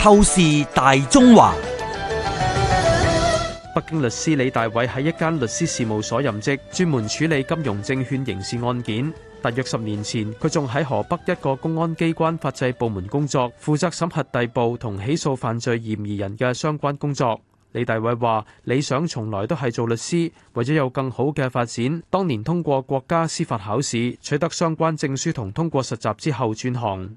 透視大中華。北京律師李大偉喺一間律師事務所任職，專門處理金融證券刑事案件。大約十年前，佢仲喺河北一個公安機關法制部門工作，負責審核逮捕同起訴犯罪嫌疑人嘅相關工作。李大偉話：理想從來都係做律師，為咗有更好嘅發展，當年通過國家司法考試，取得相關證書，同通過實習之後轉行。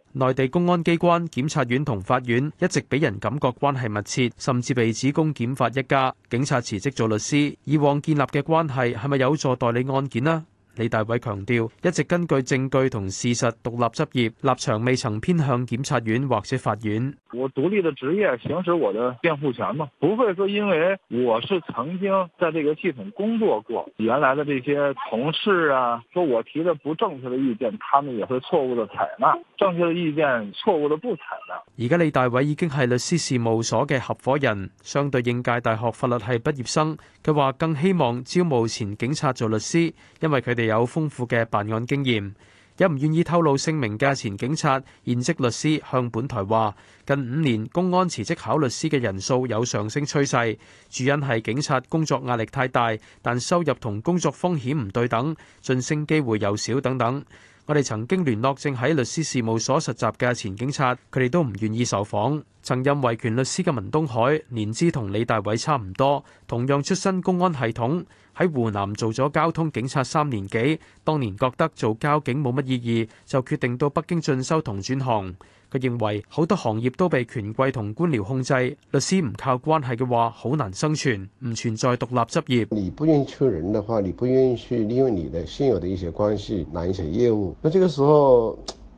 內地公安機關、檢察院同法院一直畀人感覺關係密切，甚至被指公檢法一家。警察辭職做律師，以往建立嘅關係係咪有助代理案件呢？李大偉強調，一直根據證據同事實獨立執業，立場未曾偏向檢察院或者法院。我獨立的職業，行使我的辯護權嘛，不會說因為我是曾經在這個系統工作過，原來的這些同事啊，說我提的不正確的意見，他們也會錯誤的採納正確的意見，錯誤的不採納。而家李大偉已經係律師事務所嘅合伙人，相對應屆大學法律系畢業生，佢話更希望招募前警察做律師，因為佢哋。有豐富嘅辦案經驗，有唔願意透露姓名嘅前警察、現職律師向本台話，近五年公安辭職考律師嘅人數有上升趨勢，主因係警察工作壓力太大，但收入同工作風險唔對等，晉升機會又少等等。我哋曾經聯絡正喺律師事務所實習嘅前警察，佢哋都唔願意受訪。曾任維權律師嘅文東海年資同李大偉差唔多，同樣出身公安系統，喺湖南做咗交通警察三年幾，當年覺得做交警冇乜意義，就決定到北京進修同轉行。佢認為好多行業都被權貴同官僚控制，律師唔靠關係嘅話好難生存，唔存在獨立執業。你不願意求人的話，你不願意去利用你的現有的一些關係拿一些業務，那這個時候。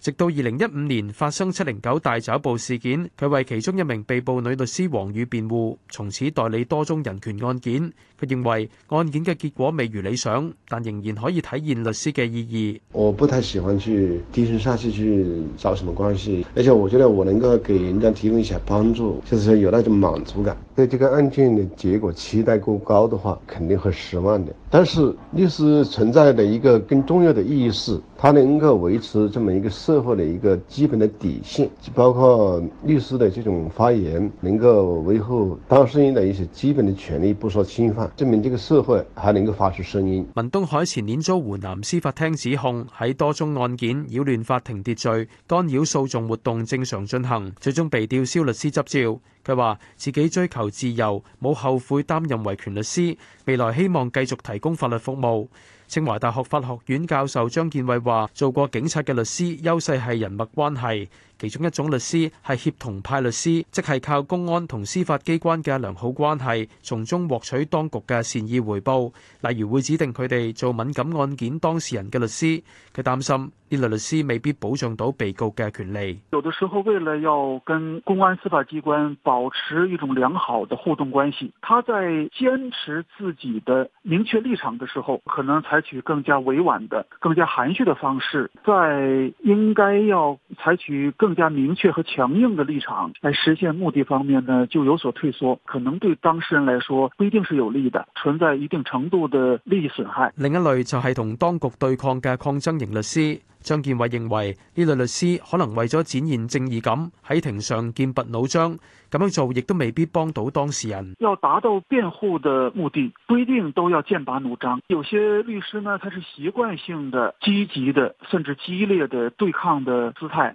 直到二零一五年發生七零九大抓捕事件，佢為其中一名被捕女律師王宇辯護，從此代理多宗人權案件。佢認為案件嘅結果未如理想，但仍然可以體現律師嘅意義。我不太喜歡去低聲下氣去找什麼關係，而且我覺得我能夠給人家提供一些幫助，就是有那種滿足感。對這個案件嘅結果期待過高的話，肯定會失望的。但是律師存在的一個更重要的意義是他能夠維持這麼一個社會的一個基本的底線，包括律師的這種發言能夠維護當事人的一些基本的權利不受侵犯，證明這個社會還能夠發出聲音。文東海前年遭湖南司法廳指控，喺多宗案件擾亂法庭秩序、干擾訴訟活動正常進行，最終被吊銷律師執照。佢話自己追求自由，冇後悔擔任維權律師，未來希望繼續提供法律服務。清華大學法學院教授張建偉話：做過警察嘅律師，優勢係人脈關係。其中一種律師係協同派律師，即係靠公安同司法機關嘅良好關係，從中獲取當局嘅善意回報。例如會指定佢哋做敏感案件當事人嘅律師。佢擔心呢類律師未必保障到被告嘅權利。有的時候，為了要跟公安司法機關保持一種良好的互動關係，他在堅持自己的明確立場嘅時候，可能採取更加委婉的、更加含蓄的方式，在應該要採取更更加明確和強硬的立場，在實現目的方面呢，就有所退縮，可能對當事人來說不一定是有利的，存在一定程度的利益損害。另一類就係同當局對抗嘅抗爭型律師，張建偉認為呢類律師可能為咗展現正義感，喺庭上劍拔弩張，咁樣做亦都未必幫到當事人。要達到辯護的目的，不一定都要劍拔弩張。有些律師呢，他是習慣性的積極的，甚至激烈的對抗的姿態。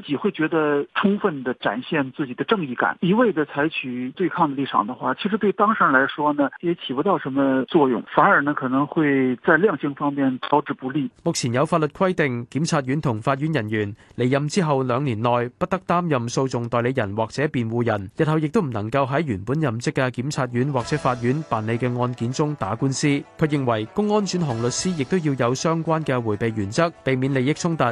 自己會覺得充分的展現自己的正義感，一味的採取對抗的立場的話，其實對當事人來說呢，也起不到什麼作用，反而呢可能會在量刑方面招致不利。目前有法律規定，檢察院同法院人員離任之後兩年內不得擔任訴訟代理人或者辯護人，日後亦都唔能夠喺原本任職嘅檢察院或者法院辦理嘅案件中打官司。佢認為，公安轉行律師亦都要有相關嘅回避原則，避免利益衝突。